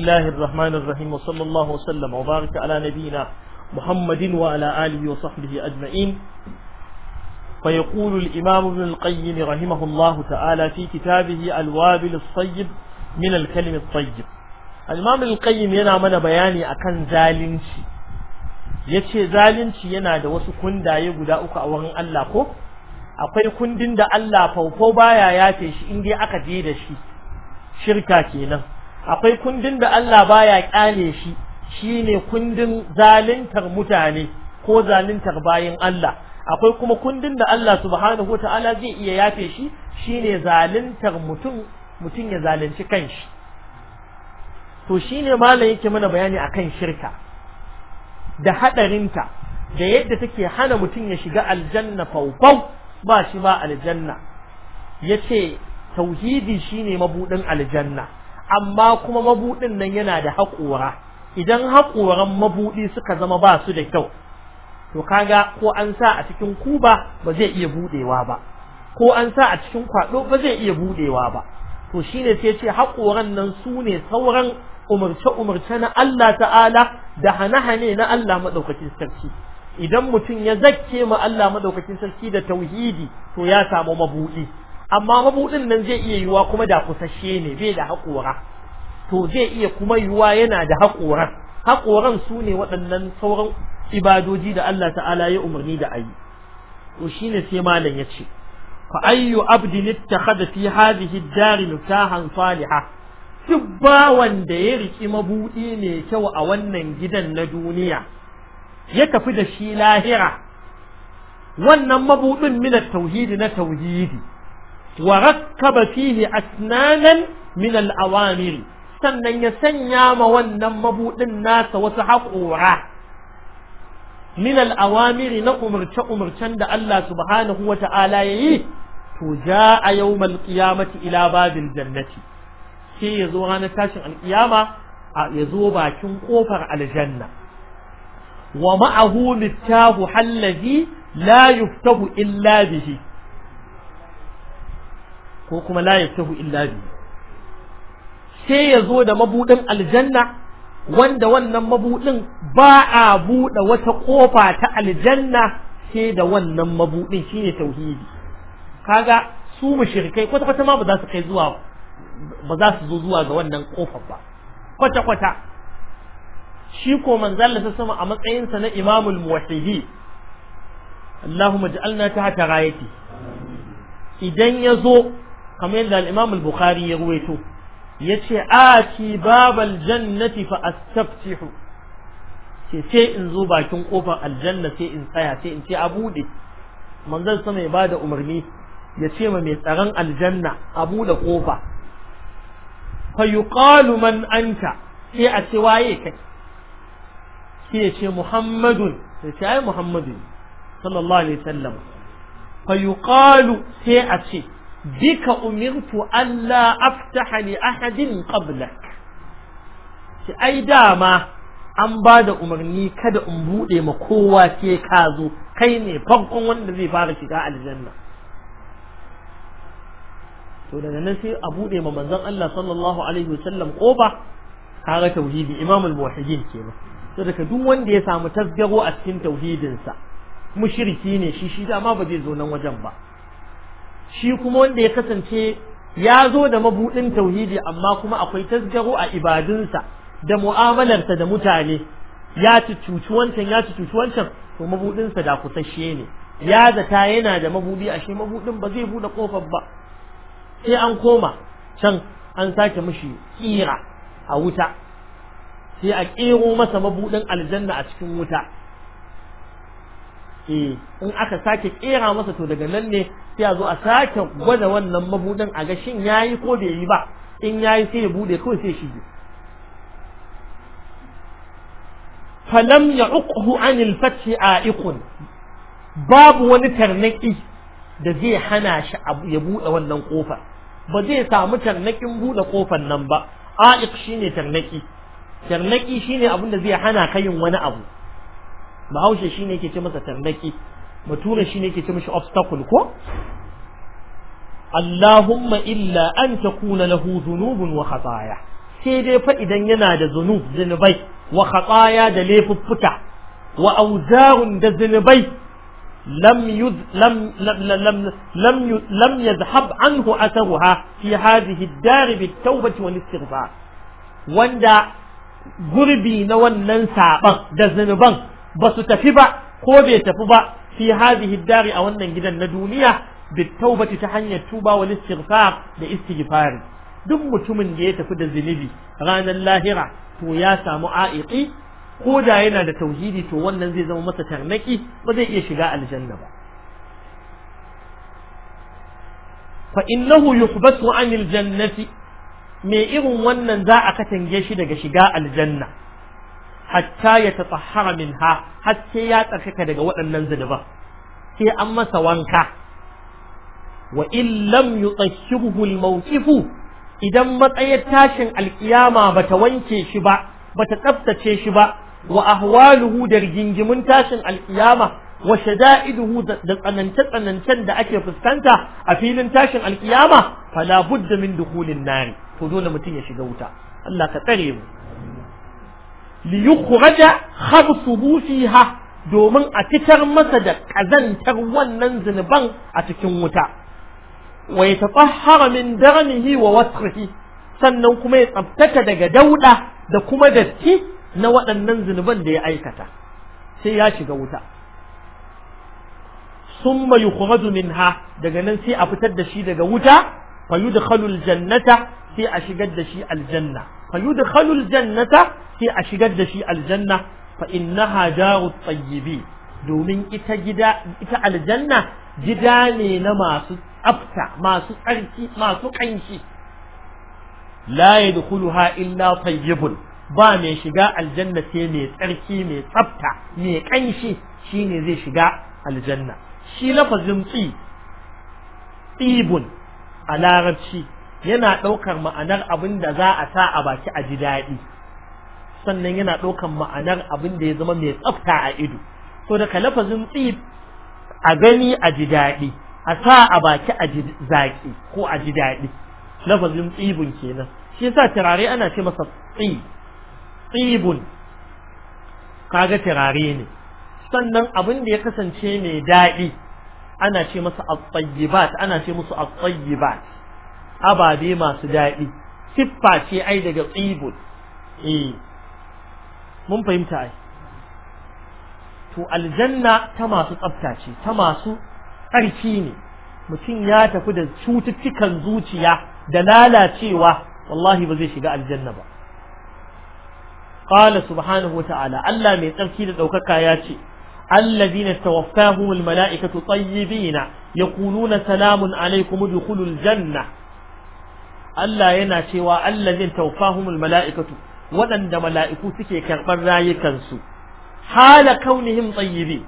الله الرحمن الرحيم وصلى الله وسلم وبارك على نبينا محمد وعلى آله وصحبه أجمعين فيقول الإمام ابن القيم رحمه الله تعالى في كتابه الوابل الصيب من الكلم الطيب الإمام القيم ينا من بياني أكن زالنشي yace zalunci yana da wasu kundaye guda uku a wurin Allah ko akwai kundin da Allah faufau baya yafe shi in dai aka je da shi shirka kenan akwai kundin da Allah baya kyale shi shine kundin zaluntar mutane ko zaluntar bayin Allah akwai kuma kundin da Allah subhanahu wataala zai iya yafe shi shine zaluntar mutum mutum ya zalunci kanshi to shine malam yake mana bayani akan shirka da hadarinta da yadda take hana mutum ya shiga aljanna faufau ba shi ba aljanna yace tauhidi shine mabudin aljanna amma kuma mabuɗin nan yana da haƙora idan haƙoran mabuɗi suka zama ba su da kyau to kaga ko an sa a cikin kuba ba zai iya buɗewa ba ko an sa a cikin kwaɗo ba zai iya buɗewa ba to shine sai ce haƙoran nan su ne sauran umarce-umarce na Allah ta'ala da hane-hane na Allah madaukakin sarki idan mutum ya zakke ma Allah Madaukakin sarki da tauhidi to ya samu mabuɗi amma mabuɗin nan zai iya yiwuwa kuma da kusashe ne bai da haƙora to zai iya kuma yiwuwa yana da haƙoran haƙoran su ne waɗannan sauran ibadoji da Allah ta'ala ya umarni da ayi to shine sai malam ya ce fa ayyu abdin ittakhadha fi hadhihi ad-dar mutahan duk bawan da ya riki mabuɗi mai kyau a wannan gidan na duniya ya tafi da shi lahira wannan mabuɗin mina tauhidi na tauhidi وركب فيه أسنانا min الأوامر sannan ya sanya ma wannan mabuɗin nasa wasu haƙora min al'awamiri na umarce-umarcen da Allah subhanahu wa ta'ala ya yi to ja a yau malƙiyamati ila babin jannati sai ya zo ranar tashin alƙiyama ya zo bakin ƙofar aljanna wa ma'ahu littahu hallazi la yuftahu illa bihi ko kuma la sahu illa bi sai ya zo da mabuɗin aljanna wanda wannan mabuɗin ba a buɗe wata ƙofa ta aljanna sai da wannan mabudin shine tauhidi kaga su mushrikai kwata kwata ma ba za su kai zuwa ba za su zo zuwa ga wannan ƙofar ba kwata kwata shi ko manzon Allah sama a matsayin sa na imamul muwahhidi Allahumma ja'alna tahta rayati idan yazo kamar yadda al-Imam al-Bukhari ya ruwaito yace ati babal jannati fa astaftihu ce sai in zo bakin kofar aljanna sai in tsaya sai in ce a bude manzon sama ya bada umarni ya ce ma mai tsaron aljanna a bude kofa fa yuqalu man anta sai a ce waye kai sai ya ce muhammadun sai ce ai muhammadun sallallahu alaihi wasallam fa yuqalu sai a ce bika umirtu alla aftaha li ahadin qablak shi ai dama an ba da umarni kada in bude ma kowa ke ka zo kai ne farkon wanda zai fara shiga aljanna to daga nan sai a bude ma manzon Allah sallallahu alaihi wasallam ba kaga tauhidi imamul muwahhidin kenan to daga duk wanda ya samu tasgaro a cikin tauhidinsa mushriki ne shi shi dama ba zai zo nan wajen ba shi kuma wanda ya kasance ya zo da mabuɗin tauhidi amma kuma akwai tasgaro a ibadunsa da mu'amalarsa da mutane ya cuci wancan ya ci cuci wancan to mabuɗinsa da kusasshe ne ya zata yana da mabuɗi ashe mabuɗin ba zai buɗe ƙofar ba sai an koma can an sake mishi kira a wuta sai a ƙero masa mabuɗin aljanna a cikin wuta Eh, in aka sake kera masa to daga nan ne sai a zo a sake gwada wannan mabudin a ga shin yayi ko bai yi ba in yayi sai ya bude kawai sai shige falam ya'uqhu anil a a'iqun babu wani tarnaki da zai hana shi ya bude wannan kofar ba zai samu tarnakin bude kofar nan ba a'iq shine tarnaki tarnaki shine abin da zai hana kayin wani abu bahaushe shine ke ce masa tarnaki bature shine ke ce mashi obstacle ko Allahumma illa an ta takuna lahu zunubun wa khataya sai dai fa idan yana da zunub zunubai wa khataya da laifuffuka wa auzarun da zunubai لم يذ لم لم لم لم يذهب عنه أثرها في هذه الدار بالتوبة Wanda gurbi na wannan ننسى da دزنبان ba su tafi ba ko bai tafi ba fi hadhihi dari a wannan gidan na duniya bitawbati ta hanyar tuba wal istighfar da istighfari duk mutumin da ya tafi da zunubi ranar lahira to ya samu a'iki ko da yana da tauhidi to wannan zai zama masa tarnaki ba zai iya shiga aljanna ba fa innahu yuhbatu anil jannati me irin wannan za a katange shi daga shiga aljanna hatta ya tsahara minha har sai ya tsarkaka daga waɗannan zunuban sai an masa wanka wa in lam yutashshibuhu al idan matsayar tashin alkiyama bata wanke shi ba bata tsaftace shi ba wa ahwaluhu da rigingimin tashin alkiyama wa shada'iduhu da tsanance tsanancen da ake fuskanta a filin tashin alkiyama fala budda min dukhulin nar to dole mutum ya shiga wuta Allah ka tsare mu li yukhraja khabthuhu fiha domin a fitar masa da kazantar wannan zunuban a cikin wuta wa tafaharamin min darnihi wa wasrihi sannan kuma ya tsabtata daga dauda da kuma datti na waɗannan zunuban da ya aikata sai ya shiga wuta summa yukhraju minha daga nan sai a fitar da shi daga wuta fa yudkhalu aljannata sai a shigar da shi aljanna fa yudkhalul jannata sai a shigar da shi aljanna fa innaha darut tayyibi domin ita aljanna gida ne na masu tsafta masu tsarki masu kanshi la yadkhuluha illa tayyibun ba mai shiga aljanna sai mai tsarki mai tsafta mai kanshi shine zai shiga aljanna shi lafazin tsi tsibun a larabci yana ɗaukar ma'anar abin da za a sa a baki a ji daɗi sannan yana ɗaukar ma'anar abin da ya zama mai tsafta a ido so daga lafazin tsib a gani a ji daɗi a sa a baki a ji zaƙi ko a ji daɗi lafazin tsibun kenan shi yasa turare ana ce masa tsib tsibun kaga turare ne sannan abin da ya kasance mai daɗi ana ce masa at ana ce musu at ababe masu daɗi siffa ce ai daga tsibul eh mun fahimta ai to aljanna ta masu tsafta ce ta masu tsarki ne mutum ya tafi da cututtukan zuciya da lalacewa wallahi ba zai shiga aljanna ba qala subhanahu wata'ala Allah mai tsarki da daukaka ya ce الذين توفاهم الملائكة طيبين يقولون سلام عليكم ادخلوا الجنة Allah yana cewa allazin tawfahumul mala'ikatu waɗanda mala'iku suke karɓar rayukansu hala kaunihim tsayyibin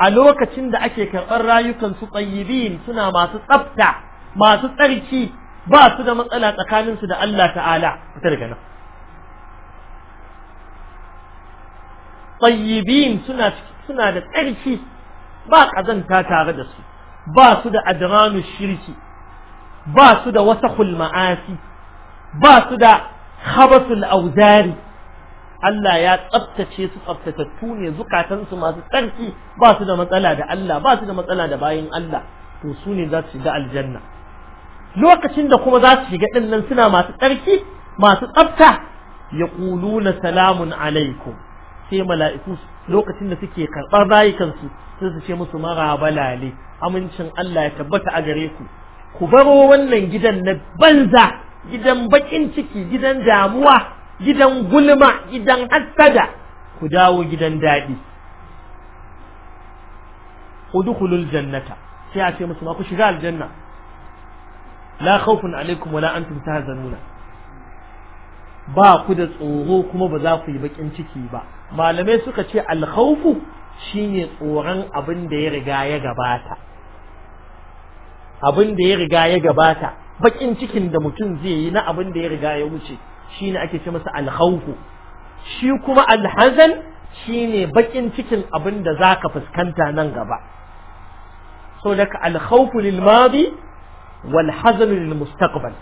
a lokacin da ake karɓar rayukansu tsayyibin suna masu tsafta masu tsarki ba su da matsala tsakaninsu da Allah ta'ala fita daga nan tsayyibin suna suna da tsarki ba ƙazanta tare da su ba su da adranu shirki ba su da wasahul hulma'asi ba su da Habasul auzari Allah ya tsabtace su tsabtatattu ne zukatansu masu tsarki ba su da matsala da Allah ba su da matsala da bayan Allah to su ne za su shiga aljanna lokacin da kuma za su shiga din nan suna masu tsarki masu tsabta ya yaquluna salamun alaikum sai mala'iku lokacin da suke karɓar rayukansu sai su ce musu mara marabalale amincin Allah ya tabbata a gare ku ku baro wannan gidan na banza gidan bakin ciki gidan damuwa gidan gulma gidan hassada ku dawo gidan daɗi udkhulul jannata sai a ce musu ma ku shiga aljanna la khawfun alaikum wala antum tahzanuna ba ku da tsoro kuma ba za ku yi bakin ciki ba malamai suka ce alkhawfu shine tsoron abin da ya riga ya gabata abin da ya riga ya gabata bakin cikin da mutum zai yi na abin da ya riga ya wuce shine ake ce masa alhauhu. shi kuma alhazan shine bakin cikin abin da zaka fuskanta nan gaba so daga alhauku lil madi wal hazan lil mustaqbal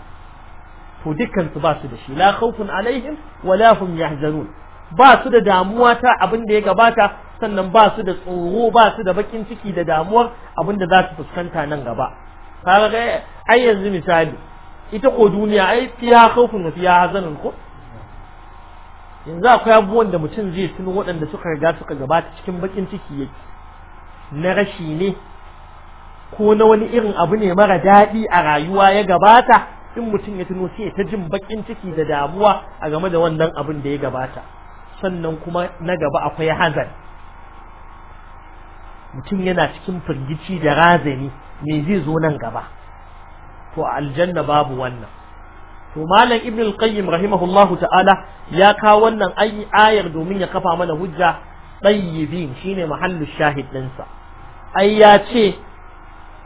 to dukkan su ba su da shi la khawfun alaihim wala hum yahzanun ba su da damuwa ta abin da ya gabata sannan ba su da tsoro ba su da bakin ciki da damuwar abin da za su fuskanta nan gaba kaga ai yanzu misali ita ko duniya ai fiya kaukun wa fiya hazanun ko yanzu akwai abubuwan da mutum zai tuno waɗanda suka riga suka gabata cikin bakin ciki yake na rashi ne ko na wani irin abu ne mara daɗi a rayuwa ya gabata in mutum ya tuno sai ta jin bakin ciki da damuwa a game da wannan abin da ya gabata sannan kuma na gaba akwai hazan mutum yana cikin firgici da razani me zai zo nan gaba to aljanna babu wannan to malam ibn al-qayyim rahimahullahu ta'ala ya kawo wannan ayar domin ya kafa mana hujja tayyibin shine mahallu shahid dinsa ai ya ce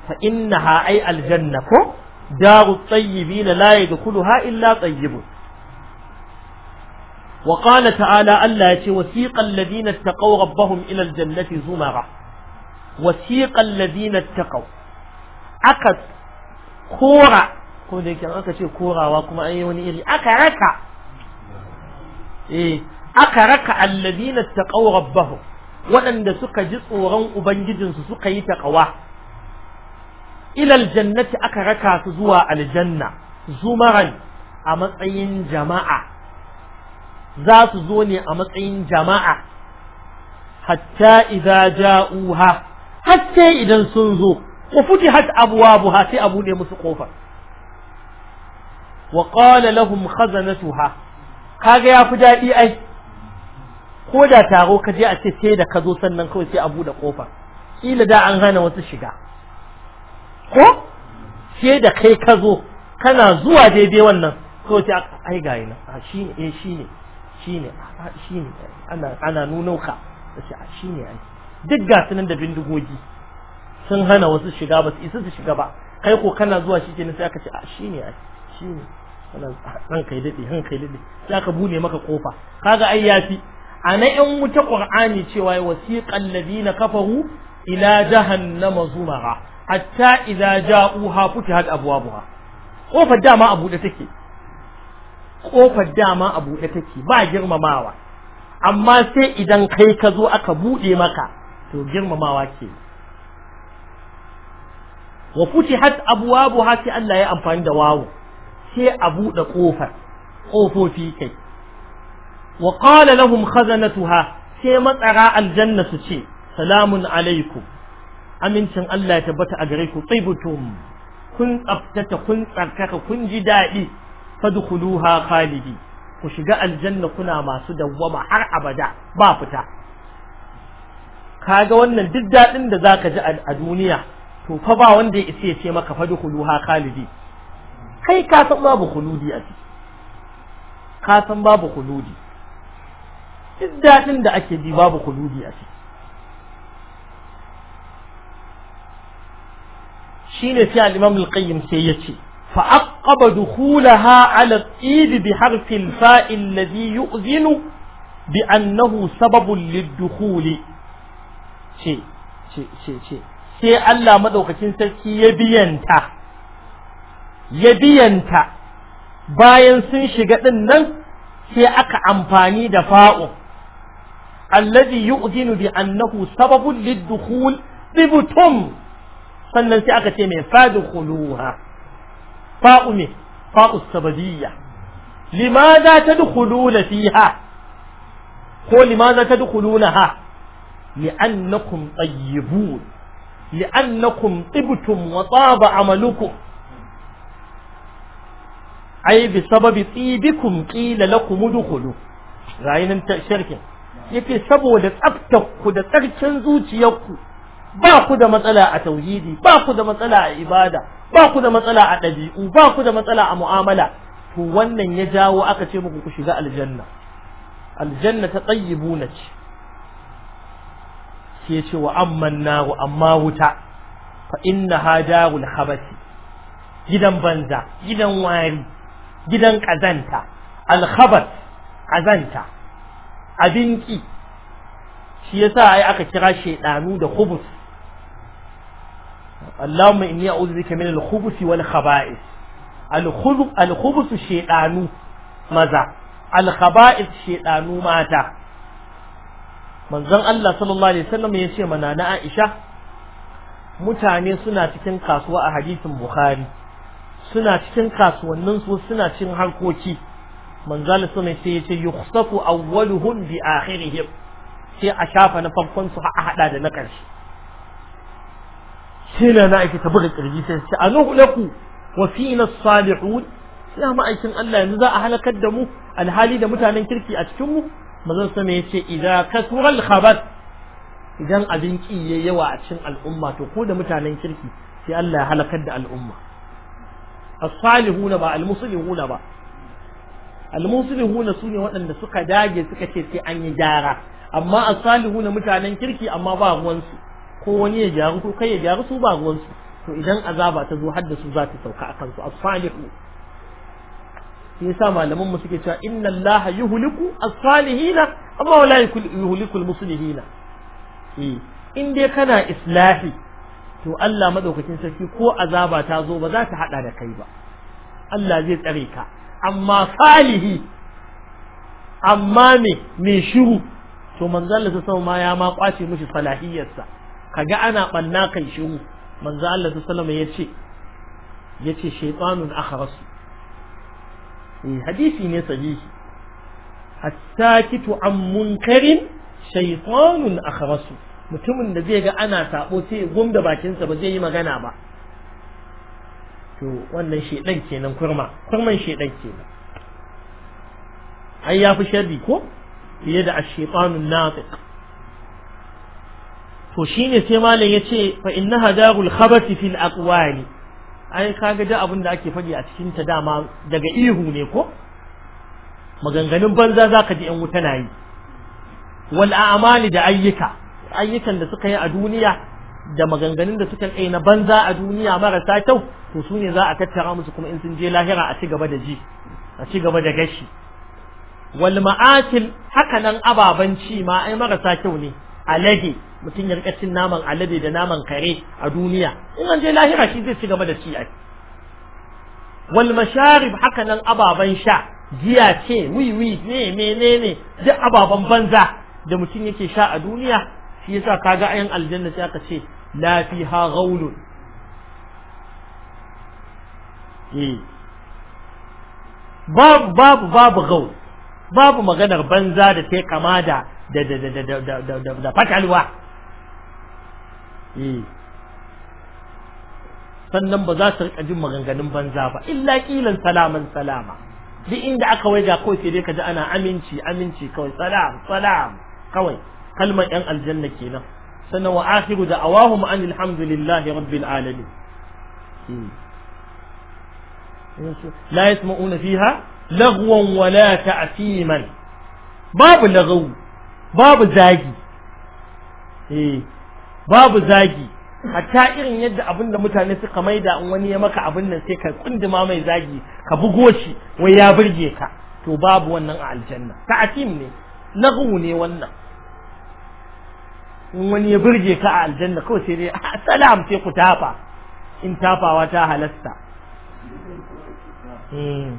fa innaha ay aljanna ko daru tayyibin la yadkhuluha illa tayyibun وقال تعالى ألا يتي وثيق الذين اتقوا rabbahum إلى الجنة zumara وثيق الذين اتقوا aka kora ko da yake aka ce korawa kuma an yi wani iri aka raka eh aka raka alladina taqaw rabbahum waɗanda suka ji tsoron ubangijinsu suka yi taqawa ila aljannati aka raka su zuwa aljanna zumaran a matsayin jama'a za su zo ne a matsayin jama'a hatta idza ja'uha hatta idan sun zo wa Abuwabu ha sai abu ne musu kofar wa qala lahum khazanatuha kaga ya fi daɗi ai ko da taro ka je a ce sai da ka zo sannan kawai sai a buɗe kofar kila da an hana wasu shiga ko sai da kai ka zo kana zuwa daidai wannan kawai sai ai nan a shine eh shine shine a shine ana ana nuno sai a shine ai duk ga sunan da bindigogi sun hana wasu shiga ba su isa su shiga ba kai ko kana zuwa shi ke sai aka ce a shi ne shi ne ran kai daɗi ran kai daɗe sai aka bude maka kofa kaga ai yafi a na ƴan wuta qur'ani cewa ya wasiqal ladina kafaru ila jahannama zumara hatta idza ja'uha futihat abwabuha kofar dama a buɗe take kofar dama a buɗe take ba girmamawa amma sai idan kai ka zo aka buɗe maka to girmamawa ke wa futihat abwabuha sai Allah ya amfani da wawu sai a buɗe kofar kofofi kai wa qala lahum khazanatuha sai matsara aljanna su ce salamun alaikum amincin Allah ya tabbata a gare ku tsibutum kun tsaftata kun tsarkaka kun ji daɗi fadkhuluha khalidi ku shiga aljanna kuna masu dawwama har abada ba fita kaga wannan duk daɗin da zaka ji a duniya to fa ba wanda ya isa ce maka fa dukulu ha khalidi kai ka san babu khuludi a ciki ka san babu khuludi duk daɗin da ake bi babu khuludi a ciki shine sai al-imam al-qayyim sai yace fa aqaba dukhulaha ala al-id bi harfi al-fa'i alladhi yu'zinu bi annahu sababun lid-dukhuli ce ce ce ce sai Allah madaukakin sarki ya biyanta ya biyanta bayan sun shiga din nan sai aka amfani da fa'u alladhi yu'dinu bi annahu sababun lid-dukhul tibtum sannan sai aka ce mai fadkhuluha fa'u ne fa'u sababiyya limadha tadkhuluna fiha ko limadha tadkhulunaha li'annakum tayyibun li'annakum tibtum wa taba amalukum ai bi sababi tsibikum qila lakum udkhulu rayinan shirkin yace saboda tsaftakku da tsarkin zuciyarku ba da matsala a tauhidi baku da matsala a ibada ba da matsala a ɗabi'u baku da matsala a mu'amala to wannan ya jawo aka ce muku ku shiga aljanna aljanna ta tsayyibuna ce sai ce wa amman naru amma wuta fa inna ha habati gidan banza gidan wari gidan kazanta alhabat kazanta abinki shi yasa ai aka kira shaidanu da khubus Allahumma inni a'udhu bika min al-khubuthi wal khaba'ith al-khubuthu maza al-khaba'ith mata manzon Allah sallallahu alaihi wasallam ya ce mana na Aisha mutane suna cikin kasuwa a hadisin Bukhari suna cikin kasuwannin su suna cikin harkoki manzon Allah sallallahu alaihi wasallam ya ce yukhsafu awwaluhum bi akhirihim sai a shafa na farkon su a hada da na karshe sai na aiki ta buga kirji sai ce anu laku wa fina salihun sai ma'aikin Allah yanzu za a halakar da mu alhali da mutanen kirki a cikin mu manzon sama yace idza kasural khabath idan abin ki yayi yawa a cikin al'umma to ko da mutanen kirki sai Allah ya halakar da al'umma as-salihuna ba al-muslihuna ba al-muslihuna sune waɗanda suka dage suka ce sai an yi gyara amma as-salihuna mutanen kirki amma ba ruwansu ko wani ya gyaru ko kai ya gyaru su ba ruwansu to idan azaba ta zo har da su za ta sauka akan su as-salihu shi yasa malaman mu suke cewa inna allaha yuhliku as-salihina amma wala yuhliku al-muslihina eh in dai kana islahi to Allah madaukakin sarki ko azaba ta zo ba za ta hada da kai ba Allah zai tsare ka amma salihi amma me me shiru to manzo Allah sama ma ya ma kwace mishi salahiyarsa kaga ana banna kai shiru manzo Allah sallallahu alaihi wasallam yace yace shaytanun akharasu Eh, hadisi ne sahihi attakitu an munkarin shaytanun akhrasu mutumin da zai ga ana sabo sai gumda bakinsa ba zai yi magana ba to wannan shedan kenan kurma kurman shedan kenan ai ya fi sharri ko fiye da ash-shaytanun natiq to shine sai malam yace fa innaha darul khabathi fil aqwali ai kaga da abin da ake faɗi a cikin ta dama daga ihu ne ko maganganun banza zaka ji yan wuta na yi wal a'mali da ayyuka ayyukan da suka yi a duniya da maganganun da suka kai na banza a duniya marasa kyau to su ne za a tattara musu kuma in sun je lahira a ci gaba da ji a ci gaba da gashi wal ma'atil haka nan ababan ci ma ai marasa kyau ne alage mutum ya rika cin naman alade da naman kare a duniya in an je lahira shi zai ci gaba da ci ai wal masharib haka nan ababan sha giya ce wiwi ne menene duk ababan banza da mutum yake sha a duniya shi yasa kaga ayan aljanna sai aka ce la fiha ghaulun eh. babu babu babu gaul babu maganar banza da ta kama da da da da da da da fatalwa Eh. sannan ba za su rika jin maganganun banza ba illa kilan salaman salama duk inda aka waiga kawai sai dai ka ji ana aminci aminci kawai salam salam kawai kalmar yan aljanna kenan sannan wa akhiru da awahum an alhamdulillahi rabbil alamin hmm. la yasma'una fiha lagwan wala ta'siman babu lagaw babu zagi eh babu zagi hatta irin yadda abin da mutane suka maida in wani ya maka abin nan sai ka kunduma mai zagi ka bugo shi wai ya burge ka to babu wannan a aljanna ta'atim ne lagu ne wannan in wani ya burge ka a aljanna kawai sai dai ah, salam sai ku tafa in tafawa ta halasta eh.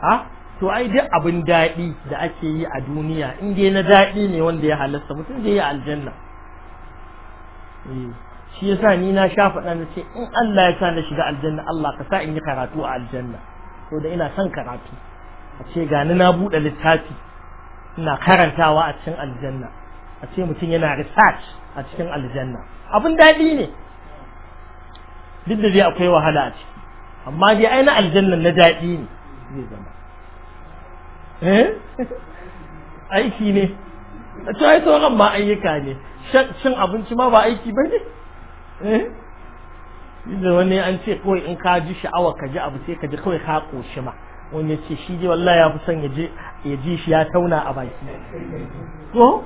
ha to ai duk abin daɗi da ake yi a duniya in dai na daɗi ne wanda ya halasta mutum zai yi aljanna Eh, shi yasa ni na sha faɗa na ce in Allah ya sa na shiga aljanna Allah ka sa in yi karatu a aljanna to da ina son karatu a ce gani na buɗe littafi ina karantawa a cikin aljanna a ce mutum yana research a cikin aljanna abin daɗi ne duk da zai akwai wahala a ciki amma dai ai na aljanna na daɗi ne zai zama eh aiki ne a ce ai sauran ma ayyuka ne cin abinci ma ba aiki ba ne eh? da wani an ce kawai in ka ji sha'awa ka ji abu sai ka ji kawai ka koshi ma wani ya ce shi ji wallahi ya fi son ya ji shi ya tauna a baki ko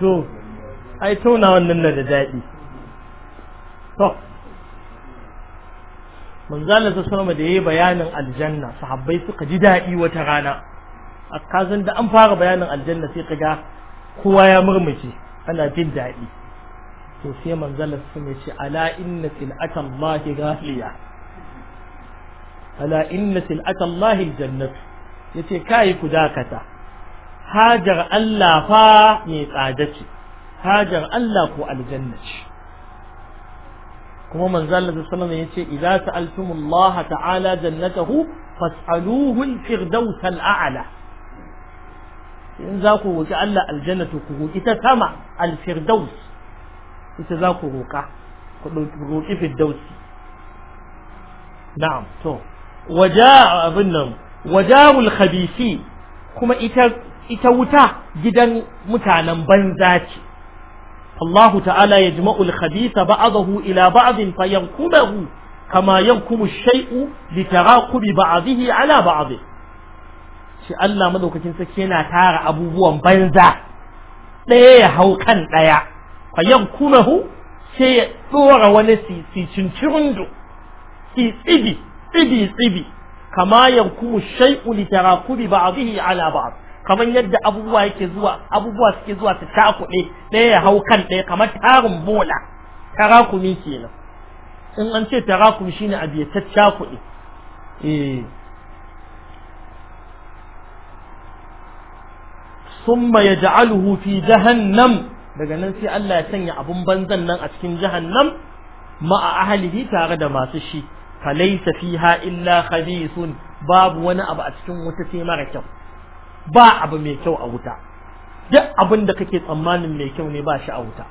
to ai tauna wannan na da daɗi to manzala ta sama da yayi bayanin aljanna sahabbai suka ji daɗi wata rana a kazan da an fara bayanin aljanna sai kaga kowa ya murmushi ana jin daɗi to sai manzalar sun ya ce ala inna sil'ata Allah ghaliya ala inna sil'ata Allah aljannat yace kai ku dakata hajar Allah fa mai tsada ce hajar Allah ko aljanna ce kuma manzalar sallallahu alaihi wasallam yace idza sa'altumullaha ta'ala jannatahu fas'aluhu al-firdaus al-a'la in za ku roƙi Allah aljanna to ku roƙi ta sama alfirdaus ita za ku roƙa ku roƙi firdausi na'am to waja abin nan wajarul khabisi kuma ita ita wuta gidan mutanen banza ce Allah ta'ala ya jima'ul khabisa ba'adahu ila ba'adin fayankumahu kama yankumu shay'u li taraqubi ba'adihi ala ba'adihi shi Allah madaukakin sarki yana tara abubuwan banza ɗaya ya hau kan ɗaya fa yankunahu sai ya dora wani sisi cincirundo si tsibi tsibi tsibi kama yankumu shay'u li tarakubi ba'dihi ala ba'd kaman yadda abubuwa yake zuwa abubuwa suke zuwa su takude ɗaya ya hau kan ɗaya kamar tarin bola tarakumi kenan in an ce tarakumi shine abu takude eh summa yaj'aluhu fi jahannam daga nan sai Allah ya sanya abun banzan nan a cikin jahannam ma'a ahlihi tare da masu shi falaysa fiha illa khabithun babu wani abu a cikin wuta sai mara kyau ba abu mai kyau a wuta duk abin da kake tsammanin mai kyau ne ba shi a wuta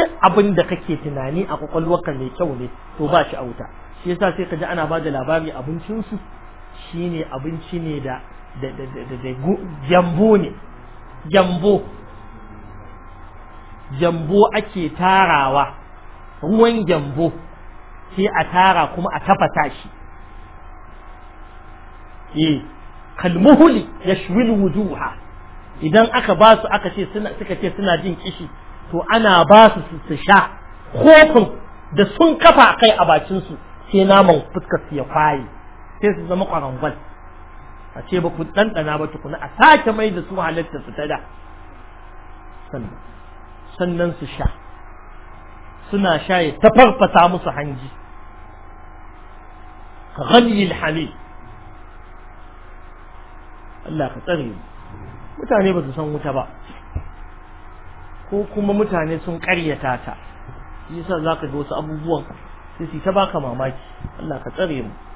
duk abin da kake tunani a kwakwalwarka mai kyau ne to ba shi a wuta shi yasa sai ka ji ana ba da labari abincinsu shine abinci ne da da jambo ne jambo jambo ake tarawa ruwan jambo sai a tara kuma a tafasa shi eh kalmuhuli yashwil wujuha idan aka ba su aka ce suna suka ce suna jin kishi to ana ba su su sha kofin da sun kafa kai a bakin su sai naman fuskar su ya kwaye sai su zama kwarangwal a ce ba ku ɗanɗana ba tukuna a sake mai da su halarta su ta da sannan su sha suna sha ya tafarfasa musu hanji ka ghalil hali Allah ka tsare mutane ba su san wuta ba ko kuma mutane sun karyata ta yasa zaka ga wasu abubuwan sai su ta baka mamaki Allah ka tsare mu